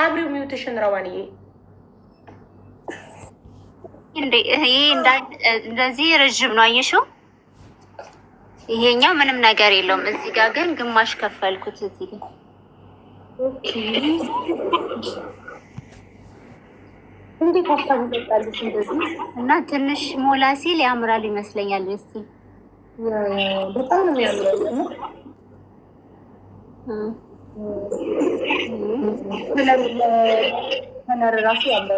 አብሪው ሚውትሽን ረዋንዬ ይሄ እንደዚህ ረዥም ነው አየሽው። ይሄኛው ምንም ነገር የለውም። እዚህ ጋር ግን ግማሽ ከፈልኩት። እዚህ ጋር እና ትንሽ ሞላ ሲል ያምራል ይመስለኛል። ስ በጣም ነው የሚያምራል ከለር ራሱ ያለ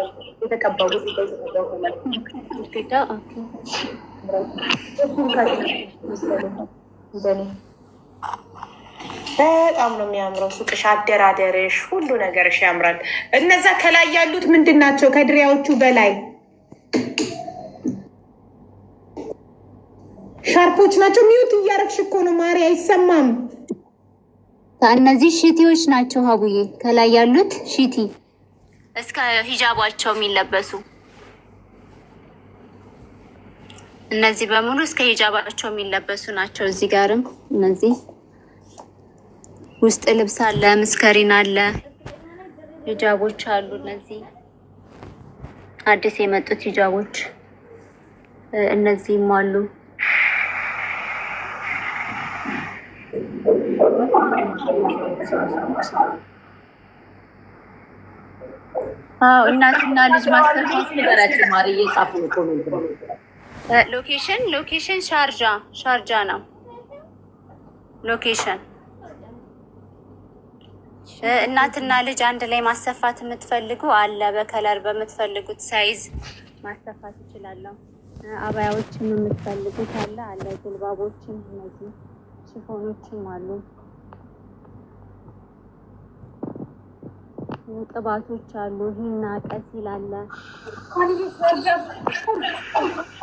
በጣም ነው የሚያምረው። ሱቅሽ፣ አደራደርሽ፣ ሁሉ ነገርሽ ያምራል። እነዛ ከላይ ያሉት ምንድን ናቸው? ከድሪያዎቹ በላይ ሻርፖች ናቸው። ሚዩት እያረግሽ እኮ ነው ማሪ፣ አይሰማም እነዚህ ሽቲዎች ናቸው ሀቡዬ፣ ከላይ ያሉት ሽቲ እስከ ሂጃባቸው የሚለበሱ እነዚህ በሙሉ እስከ ሂጃባቸው የሚለበሱ ናቸው። እዚህ ጋርም እነዚህ ውስጥ ልብስ አለ፣ ምስከሪን አለ፣ ሂጃቦች አሉ። እነዚህ አዲስ የመጡት ሂጃቦች እነዚህም አሉ። እናትና ልጅ ማስተር ነገራቸው ማር እየጻፉ ነው። ሎኬሽን ሎኬሽን ሻርጃ ሻርጃ ነው ሎኬሽን። እናትና ልጅ አንድ ላይ ማሰፋት የምትፈልጉ አለ። በከለር በምትፈልጉት ሳይዝ ማሰፋት ይችላለሁ። አባያዎችም የምትፈልጉት አለ አለ። ጅልባቦችም እነዚህ ሽፎኖችም አሉ። ቅባቶች አሉ። ሂና ቀስ ይላለ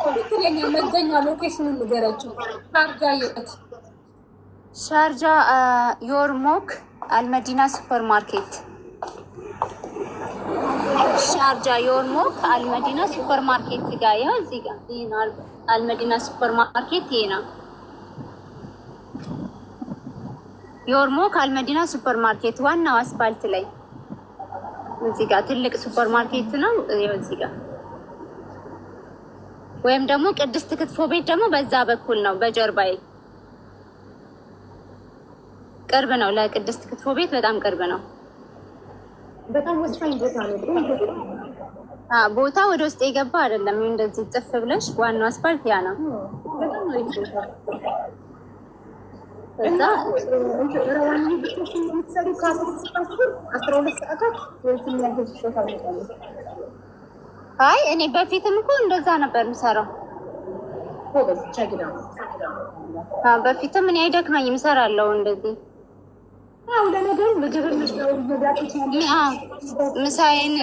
ትክክለኛ መገኛ ሎኬሽን ንገረችው። ሻርጃ የት? ሻርጃ አልመዲና ሱፐር ማርኬት። ሻርጃ አልመዲና ሱፐር ማርኬት እዚህ አልመዲና ሱፐር ማርኬት ይሄ ነው። ሱፐር ማርኬት ዋናው አስፋልት ላይ እዚህ ጋር ትልቅ ሱፐር ማርኬት ነው። እዚህ ጋር ወይም ደግሞ ቅድስት ክትፎ ቤት ደግሞ በዛ በኩል ነው። በጀርባዬ ቅርብ ነው። ለቅድስት ክትፎ ቤት በጣም ቅርብ ነው። በጣም ወሳኝ ቦታ ነው። ቦታ ወደ ውስጥ የገባ አይደለም። እንደዚህ ጥፍ ብለሽ ዋናው አስፋልት ያ ነው። እዛ አይ እኔ በፊትም እኮ እንደዛ ነበር የምሰራው። በፊትም እኔ አይደክመኝም እሰራለሁ እንደዚህ። ምሳዬን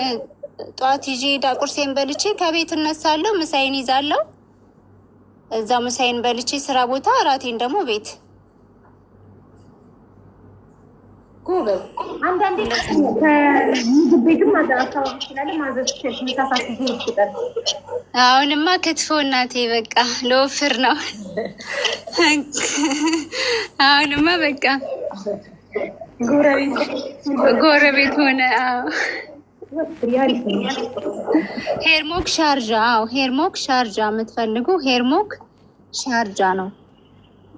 ጠዋት ይዤ ሄዳ ቁርሴን በልቼ ከቤት እነሳለሁ። ምሳዬን ይዛለሁ እዛ ምሳዬን በልቼ ስራ ቦታ፣ እራቴን ደግሞ ቤት አንዳንዴ ከምግብ አሁንማ ክትፎ እናቴ በቃ ለወፍር ነው። አሁንማ በቃ ጎረቤት ሆነ። ሄርሞክ ሻርጃ፣ አዎ ሄርሞክ ሻርጃ የምትፈልጉ ሄርሞክ ሻርጃ ነው።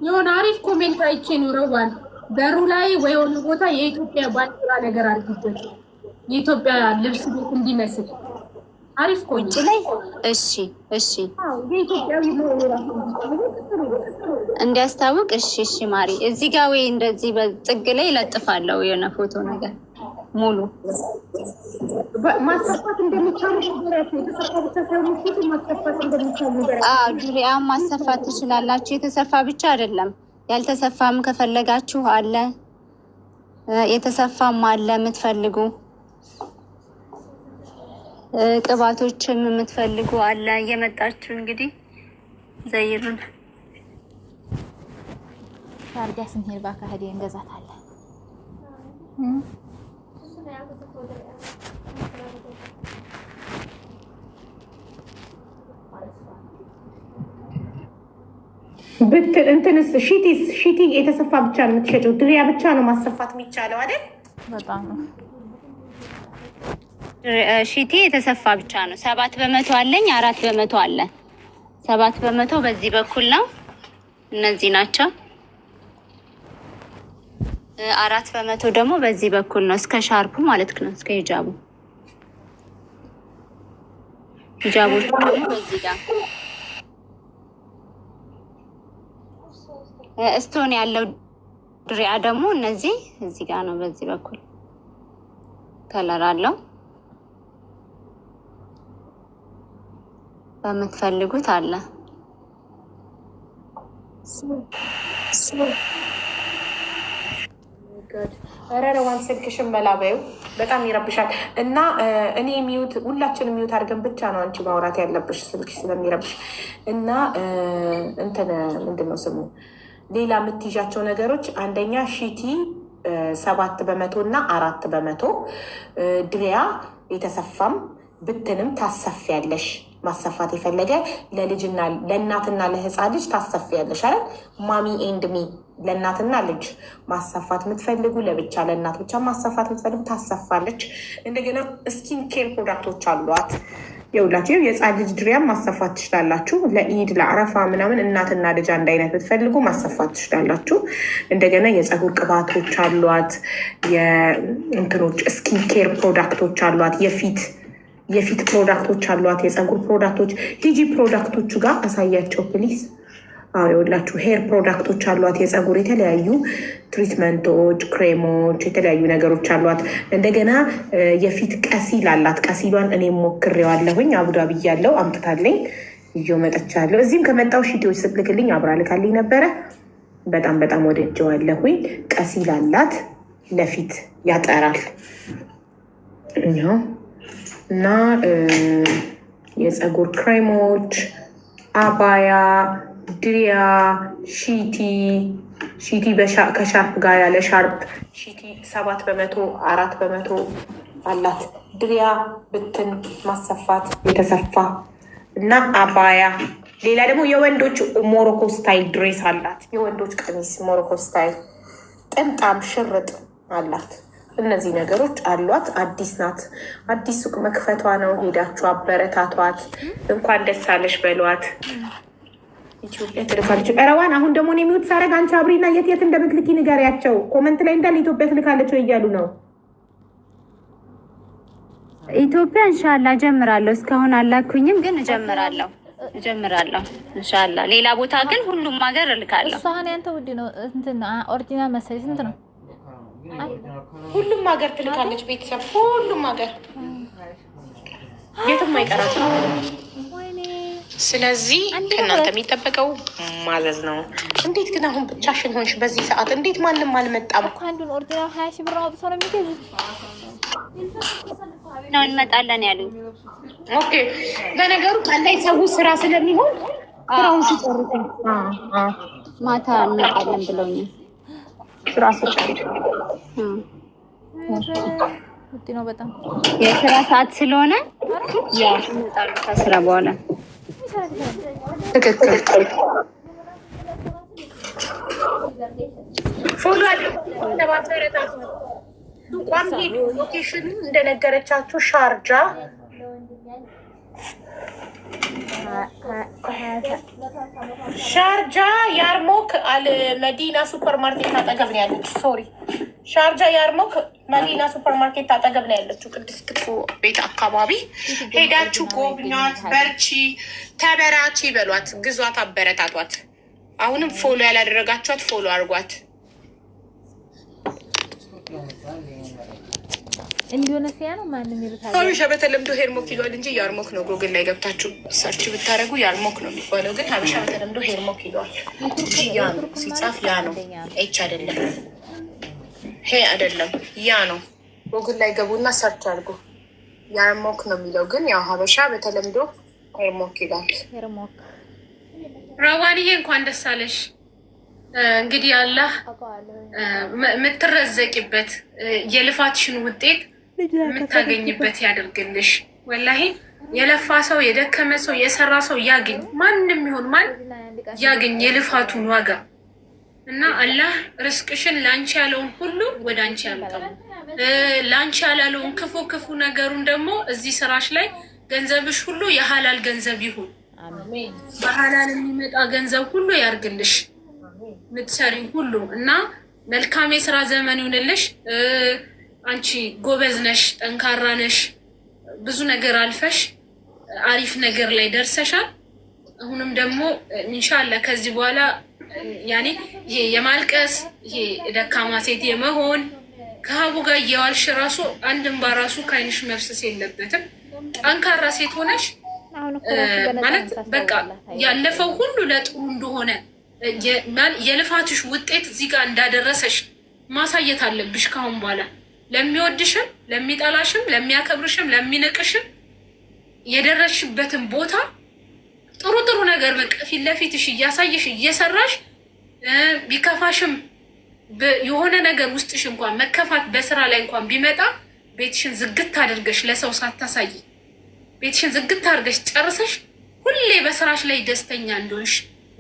የሆነ አሪፍ ኮሜንት አይቼ ኑረዋል በሩ ላይ ወይ የሆነ ቦታ የኢትዮጵያ ባንዲራ ነገር አድርጉበት፣ የኢትዮጵያ ልብስ ቤት እንዲመስል አሪፍ ቆንጭ ላይ። እሺ፣ እሺ፣ እንዲያስታውቅ። እሺ፣ እሺ፣ ማሪ እዚህ ጋር ወይ እንደዚህ በጥግ ላይ ለጥፋለው የሆነ ፎቶ ነገር ሙሉ ማሰፋት እንደሚቻሉ ዱሪያም ማሰፋት ትችላላችሁ። የተሰፋ ብቻ አይደለም ያልተሰፋም ከፈለጋችሁ አለ፣ የተሰፋም አለ የምትፈልጉ ቅባቶችም የምትፈልጉ አለ። እየመጣችሁ እንግዲህ ዘይሩን ታርጋ ስንሄድ ገዛት እንገዛታለን። እንትንስ ሺቲስ ሺቲ የተሰፋ ብቻ ነው ድሪያ ብቻ ነው ማሰፋት የሚቻለው አይደል? ሺቲ የተሰፋ ብቻ ነው። ሰባት በመቶ አለኝ፣ አራት በመቶ አለ። ሰባት በመቶ በዚህ በኩል ነው። እነዚህ ናቸው። አራት በመቶ ደግሞ በዚህ በኩል ነው። እስከ ሻርፑ ማለት ነው። እስከ ሂጃቡ ሂጃቦቹ ደግሞ በዚህ ጋር ስቶን ያለው ድሪያ ደግሞ እነዚህ እዚህ ጋር ነው። በዚህ በኩል ከለር አለው። በምትፈልጉት አለ። ረረዋን ስልክሽን መላበዩ በጣም ይረብሻል። እና እኔ ሚዩት ሁላችን ሚዩት አድርገን ብቻ ነው አንቺ ማውራት ያለብሽ ስልክሽ ስለሚረብሽ እና እንትን ምንድን ነው ስሙ ሌላ የምትይዣቸው ነገሮች አንደኛ ሺቲ ሰባት በመቶ እና አራት በመቶ ድሪያ የተሰፋም ብትንም ታሰፊያለሽ። ማሰፋት የፈለገ ለልጅና ለእናትና ለህፃን ልጅ ታሰፊያለሽ አይደል? ማሚ ኤንድ ሚ ለእናትና ልጅ ማሰፋት የምትፈልጉ ለብቻ ለእናት ብቻ ማሰፋት የምትፈልጉ ታሰፋለች። እንደገና ስኪን ኬር ፕሮዳክቶች አሏት። የሁላችሁ የህፃን ልጅ ድሪያም ማሰፋት ትችላላችሁ። ለኢድ ለአረፋ ምናምን እናትና ልጅ አንድ አይነት ብትፈልጉ ማሰፋት ትችላላችሁ። እንደገና የፀጉር ቅባቶች አሏት፣ የእንትኖች ስኪን ኬር ፕሮዳክቶች አሏት፣ የፊት የፊት ፕሮዳክቶች አሏት፣ የፀጉር ፕሮዳክቶች ሂጂ ፕሮዳክቶቹ ጋር አሳያቸው ፕሊዝ። አሁን ሄር ፕሮዳክቶች አሏት። የፀጉር የተለያዩ ትሪትመንቶች፣ ክሬሞች፣ የተለያዩ ነገሮች አሏት። እንደገና የፊት ቀሲል አላት። ቀሲሏን እኔ ሞክሬዋለሁኝ። አቡዳቢ ያለው አምጥታለኝ ይዤው መጠቻለሁ። እዚህም ከመጣው ሽቴዎች ስትልክልኝ አብራልካልኝ ነበረ። በጣም በጣም ወድጄዋለሁኝ። ቀሲል አላት። ለፊት ያጠራል እና የፀጉር ክሬሞች አባያ ድሪያ ሺቲ ሺቲ ከሻርፕ ጋር ያለ ሻርፕ ሺቲ ሰባት በመቶ አራት በመቶ አላት። ድሪያ ብትን ማሰፋት የተሰፋ እና አባያ። ሌላ ደግሞ የወንዶች ሞሮኮ ስታይል ድሬስ አላት። የወንዶች ቀሚስ ሞሮኮ ስታይል ጥምጣም ሽርጥ አላት። እነዚህ ነገሮች አሏት። አዲስ ናት። አዲስ ሱቅ መክፈቷ ነው። ሄዳችሁ አበረታቷት። እንኳን ደስ አለሽ በሏት። ኢትዮጵያ ትልካለች ቀረዋን። አሁን ደግሞ እኔ ሚውት ሳደርግ አንቺ አብሪና የት የት እንደምትልኪ ንገሪያቸው። ኮመንት ላይ እንዳለ ኢትዮጵያ ትልካለች እያሉ ነው። ኢትዮጵያ እንሻላ ጀምራለሁ እስካሁን አላኩኝም፣ ግን እጀምራለሁ እጀምራለሁ እንሻላ። ሌላ ቦታ ግን ሁሉም ሀገር እልካለሁ። እሷን ያንተ ውድ ነው እንትን ኦሪጂናል መሰለኝ ስንት ነው? ሁሉም ሀገር ትልካለች። ቤተሰብ ሁሉም ሀገር የትም አይቀራትም። ስለዚህ ከእናንተ የሚጠበቀው ማዘዝ ነው። እንዴት ግን አሁን ብቻሽን ሆንሽ? በዚህ ሰዓት እንዴት ማንም አልመጣም? አንዱን ኦርዲናል ሀያ ሺህ ብር አውጥቶ ነው የሚገዙት ነው እንመጣለን ያሉ። ኦኬ በነገሩ ቀላይ ሰው ስራ ስለሚሆን ስራውን ሲጨርስ ማታ እንመጣለን ብለውኛል። ስራ ሲጨርስ ነው በጣም የስራ ሰዓት ስለሆነ እንመጣለን ከስራ በኋላ ትክክል። ቋም ሄዱ ሎኬሽን እንደነገረቻችሁ ሻርጃ ሻርጃ ያርሞክ አልመዲና ሱፐር ማርኬት አጠገብ ነው ያለች። ሶሪ ሻርጃ ያርሞክ መሊና ሱፐር ማርኬት አጠገብ ነው ያለችው፣ ቅድስት ክትፎ ቤት አካባቢ ሄዳችሁ ጎብኟት። በርቺ፣ ተበራቺ በሏት፣ ግዟት፣ አበረታቷት። አሁንም ፎሎ ያላደረጋችኋት ፎሎ አድርጓት። ኢንዶኔሲያ ነው ማንም ይሉታል። ሀበሻ በተለምዶ ሄርሞክ ይሏል እንጂ ያርሞክ ነው። ጎግል ላይ ገብታችሁ ሰርች ብታደረጉ ያርሞክ ነው የሚባለው፣ ግን ሀበሻ በተለምዶ ሄርሞክ ይሏል። ያ ነው ሲጻፍ፣ ያ ነው ኤች አይደለም። ሄ አይደለም ያ ነው። ጎግል ላይ ገቡና ሰርች አድርጉ። ያርሞክ ነው የሚለው ግን ያው ሀበሻ በተለምዶ ሞክ ይላል። ሄርሞክ ረዋንዬ፣ እንኳን ደስ አለሽ። እንግዲህ አላህ የምትረዘቂበት የልፋትሽን ውጤት የምታገኝበት ያደርግልሽ። ወላሂ የለፋ ሰው የደከመ ሰው የሰራ ሰው ያግኝ፣ ማንም ይሁን ማን ያግኝ የልፋቱን ዋጋ እና አላህ ርስቅሽን ላንቺ ያለውን ሁሉ ወደ አንቺ ያምጣው። ላንቺ ያላለውን ክፉ ክፉ ነገሩን ደግሞ እዚህ ስራሽ ላይ ገንዘብሽ ሁሉ የሀላል ገንዘብ ይሁን። በሀላል የሚመጣ ገንዘብ ሁሉ ያርግልሽ ምትሰሪ ሁሉ እና መልካም የስራ ዘመን ይሁንልሽ። አንቺ ጎበዝ ነሽ፣ ጠንካራ ነሽ። ብዙ ነገር አልፈሽ አሪፍ ነገር ላይ ደርሰሻል። አሁንም ደግሞ ኢንሻላህ ከዚህ በኋላ ያኔ ይሄ የማልቀስ ይሄ ደካማ ሴት የመሆን ከሀቡ ጋር እየዋልሽ ራሱ አንድም ባራሱ ከአይንሽ መፍሰስ የለበትም። ጠንካራ ሴት ሆነሽ ማለት በቃ ያለፈው ሁሉ ለጥሩ እንደሆነ የልፋትሽ ውጤት እዚህ ጋር እንዳደረሰሽ ማሳየት አለብሽ። ካሁን በኋላ ለሚወድሽም፣ ለሚጠላሽም፣ ለሚያከብርሽም፣ ለሚንቅሽም የደረስሽበትን ቦታ ነገር በቃ ፊት ለፊትሽ እያሳየሽ እየሰራሽ ቢከፋሽም የሆነ ነገር ውስጥሽ እንኳን መከፋት በስራ ላይ እንኳን ቢመጣ ቤትሽን ዝግት አድርገሽ ለሰው ሳታሳይ ቤትሽን ዝግት አድርገሽ ጨርሰሽ ሁሌ በስራሽ ላይ ደስተኛ እንደሆንሽ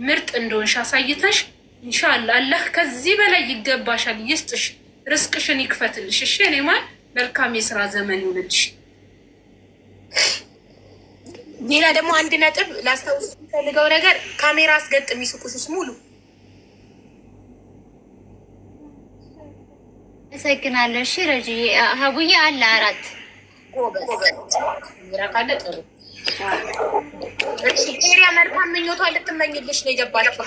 ምርጥ እንደሆንሽ አሳይተሽ እንሻላ አላህ ከዚህ በላይ ይገባሻል፣ ይስጥሽ፣ ርስቅሽን ይክፈትልሽ። እሺ እኔ ማን መልካም የስራ ዘመን ይሁንልሽ። ሌላ ደግሞ አንድ ነጥብ ላስታውስ የሚፈልገው ነገር ካሜራ አስገጥ የሚስቁሱስ ሙሉ አመሰግናለሁ። እሺ ረጂ ሀቡዬ አለ አራት ካለ ሪያ መልካም ምኞቷ ልትመኝልሽ ነው የገባችው።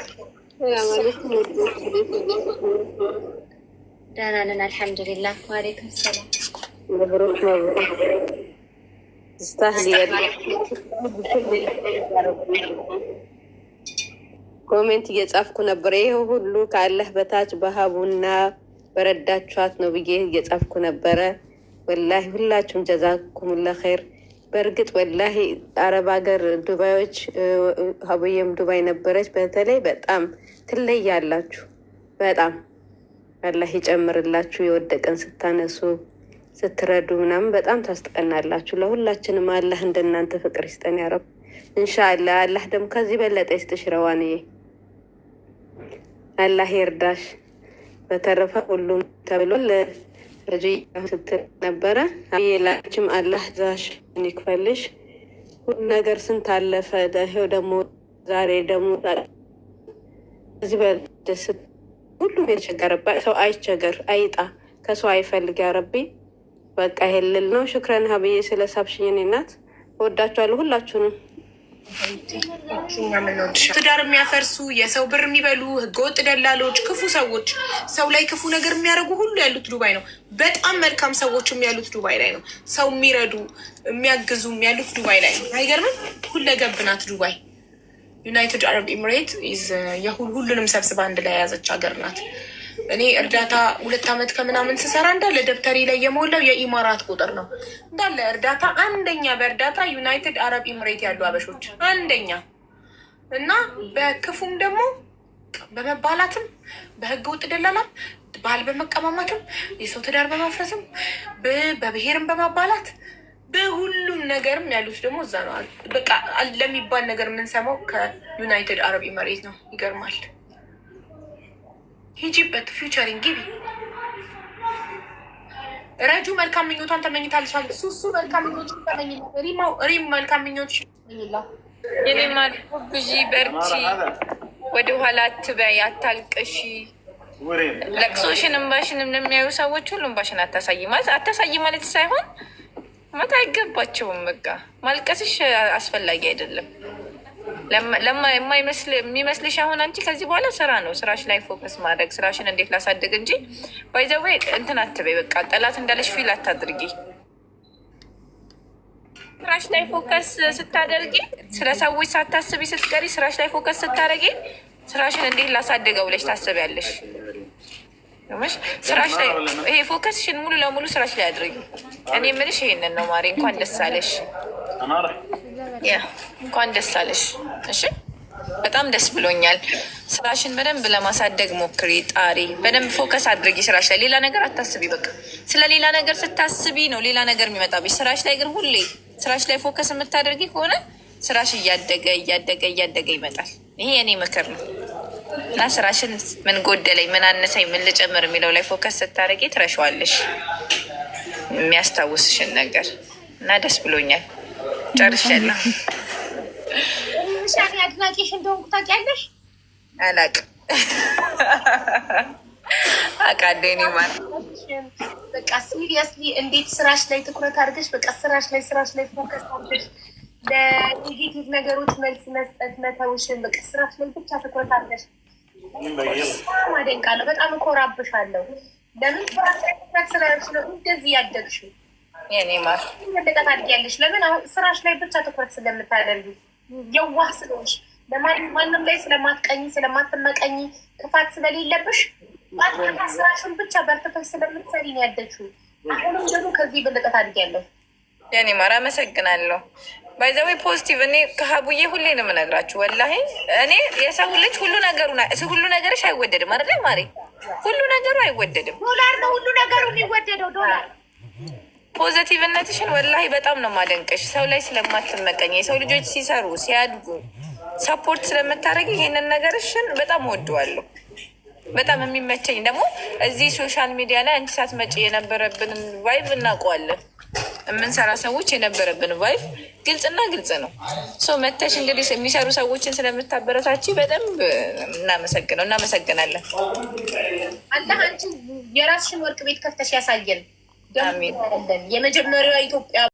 ደህና ነን አልሐምዱሊላህ። ዋሌይኩም ሰላም ኮሜንት እየጻፍኩ ነበር። ይህ ሁሉ ካለህ በታች በሀቡና በረዳችኋት ነው ብዬ እየጻፍኩ ነበረ። ወላሂ ሁላችሁም ጀዛኩሙላ ኸይር። በእርግጥ ወላሂ አረብ ሀገር ዱባዮች፣ ሀቡዬም ዱባይ ነበረች። በተለይ በጣም ትለያላችሁ። በጣም አላህ ይጨምርላችሁ የወደቀን ስታነሱ ስትረዱ ምናምን በጣም ታስጠናላችሁ። ለሁላችንም አላህ እንደናንተ ፍቅር ይስጠን ያረብ። እንሻላ አላህ ደግሞ ከዚህ በለጠ ይስጥሽ። ረዋንዬ አላህ ይርዳሽ። በተረፈ ሁሉም ተብሎ ለረጅ ስትል ነበረ። ላችም አላህ ዛሽ ይክፈልሽ። ሁሉ ነገር ስንት አለፈ። ይኸው ደግሞ ዛሬ ደግሞ ከዚህ በለጠ ሁሉም የተቸገረባት ሰው አይቸገር፣ አይጣ፣ ከሰው አይፈልግ ያረቤ በቃ ይሄልል ነው። ሽክረን ሀብዬ ስለ ሳብሽኝን ናት። እወዳችኋለሁ ሁላችሁንም። ትዳር የሚያፈርሱ የሰው ብር የሚበሉ ህገወጥ ደላሎች፣ ክፉ ሰዎች፣ ሰው ላይ ክፉ ነገር የሚያደርጉ ሁሉ ያሉት ዱባይ ነው። በጣም መልካም ሰዎችም ያሉት ዱባይ ላይ ነው። ሰው የሚረዱ የሚያግዙ ያሉት ዱባይ ላይ ነው። አይገርምም? ሁለገብ ናት ዱባይ። ዩናይትድ አረብ ኤምሬት ሁሉንም ሰብስባ አንድ ላይ የያዘች ሀገር ናት። እኔ እርዳታ ሁለት ዓመት ከምናምን ስሰራ እንዳለ ደብተሪ ላይ የሞላው የኢማራት ቁጥር ነው። እንዳለ እርዳታ አንደኛ፣ በእርዳታ ዩናይትድ አረብ ኢምሬት ያሉ አበሾች አንደኛ እና በክፉም ደግሞ በመባላትም በህገ ወጥ ደላላም ባል በመቀማማትም የሰው ትዳር በማፍረስም በብሔርም በማባላት በሁሉም ነገርም ያሉት ደግሞ እዛ ነው። በቃ ለሚባል ነገር የምንሰማው ከዩናይትድ አረብ መሬት ነው። ይገርማል። ሂጂበት ፊውቸሪንግ ግቢ። ረጁ መልካም ምኞቷን ተመኝታለች። ሱሱ መልካም ምኞት ሪም መልካም ምኞት የኔማ ብዙ በርቺ፣ ወደኋላ አትበይ፣ አታልቅሺ። ለቅሶሽን እንባሽንም ለሚያዩ ሰዎች ሁሉ እንባሽን አታሳይ ማለት አታሳይ ማለት ሳይሆን ማለት አይገባቸውም። በቃ ማልቀስሽ አስፈላጊ አይደለም። የሚመስልሽ አሁን አንቺ ከዚህ በኋላ ስራ ነው፣ ስራሽ ላይ ፎከስ ማድረግ ስራሽን እንዴት ላሳደግ እንጂ ባይዘዌ እንትን አትበይ። በቃ ጠላት እንዳለሽ ፊል አታድርጊ። ስራሽ ላይ ፎከስ ስታደርጊ፣ ስለ ሰዎች ሳታስቢ ስትቀሪ፣ ስራሽ ላይ ፎከስ ስታደርጊ፣ ስራሽን እንዴት ላሳደገው ብለሽ ታስቢያለሽ። ስራሽ ላይ ይሄ ፎከስሽን ሙሉ ለሙሉ ስራሽ ላይ አድርጊ። እኔ የምልሽ ይሄንን ነው። ማሬ እንኳን ደስ አለሽ። እንኳን ደስ አለሽ። እሺ በጣም ደስ ብሎኛል። ስራሽን በደንብ ለማሳደግ ሞክሪ፣ ጣሪ። በደንብ ፎከስ አድርጊ ስራሽ ላይ። ሌላ ነገር አታስቢ። በቃ ስለ ሌላ ነገር ስታስቢ ነው ሌላ ነገር የሚመጣብሽ። ስራሽ ላይ ግን ሁሌ ስራሽ ላይ ፎከስ የምታደርጊ ከሆነ ስራሽ እያደገ እያደገ እያደገ ይመጣል። ይሄ የኔ ምክር ነው እና ስራሽን ምን ጎደለኝ፣ ምን አነሳኝ፣ ምን ልጨምር የሚለው ላይ ፎከስ ስታደርጊ ትረሸዋለሽ የሚያስታውስሽን ነገር እና ደስ ብሎኛል። ጨርሻለሁ። ምሳሌ አድናቂሽ እንደሆንኩ ታውቂያለሽ? አላውቅም። አቃዴኔ ማለት በቃ ሲሪየስሊ እንዴት ስራሽ ላይ ትኩረት አድርገሽ በቃ ስራሽ ላይ ስራሽ ላይ ፎከስ አድርገሽ ለኔጌቲቭ ነገሮች መልስ መስጠት መተውሽን በቃ ስራሽ ላይ ብቻ ትኩረት አድርገሽ አደንቃለሁ። በጣም እኮራብሻለሁ። ለምን ስራሽ ላይ ትኩረት ስራ እንደዚህ ያደግሽው መለጠት አድርጊያለሽ። ለምን አሁን ስራሽ ላይ ብቻ ትኩረት ስለምታደርጊ የዋህ ስለሆንሽ ማንም ላይ ስለማትቀኝ ስለማትመቀኝ ክፋት ስለሌለብሽ ስራሽን ብቻ በርትተሽ ስለምትሰሪ ነው ያለችው። አሁንም ደግሞ ከዚህ በለጠት አድርጊያለሁ። የኔ ማር አመሰግናለሁ። ባይዘዌ ፖዚቲቭ እኔ ከሀቡዬ ሁሌ ነው የምነግራችሁ። ወላሂ እኔ የሰው ልጅ ሁሉ ነገሩ ሁሉ ነገርሽ አይወደድም አይደለ ማሬ? ሁሉ ነገሩ አይወደድም። ዶላር ነው ሁሉ ነገሩ የሚወደደው ዶላር ፖዘቲቭነትሽን ወላሂ በጣም ነው ማደንቀሽ። ሰው ላይ ስለማትመቀኝ የሰው ልጆች ሲሰሩ ሲያድጉ ሰፖርት ስለምታደረግ ይሄንን ነገርሽን በጣም ወደዋለሁ በጣም የሚመቸኝ ደግሞ እዚህ ሶሻል ሚዲያ ላይ አንቺ ሳትመጪ የነበረብንን ቫይቭ እናውቀዋለን። የምንሰራ ሰዎች የነበረብን ቫይቭ ግልጽና ግልጽ ነው። መተሽ እንግዲህ የሚሰሩ ሰዎችን ስለምታበረታች በደንብ እናመሰግነው እናመሰግናለን። አንተ አንቺ የራስሽን ወርቅ ቤት ከፍተሽ ያሳየን። የመጀመሪያዋ ኢትዮጵያ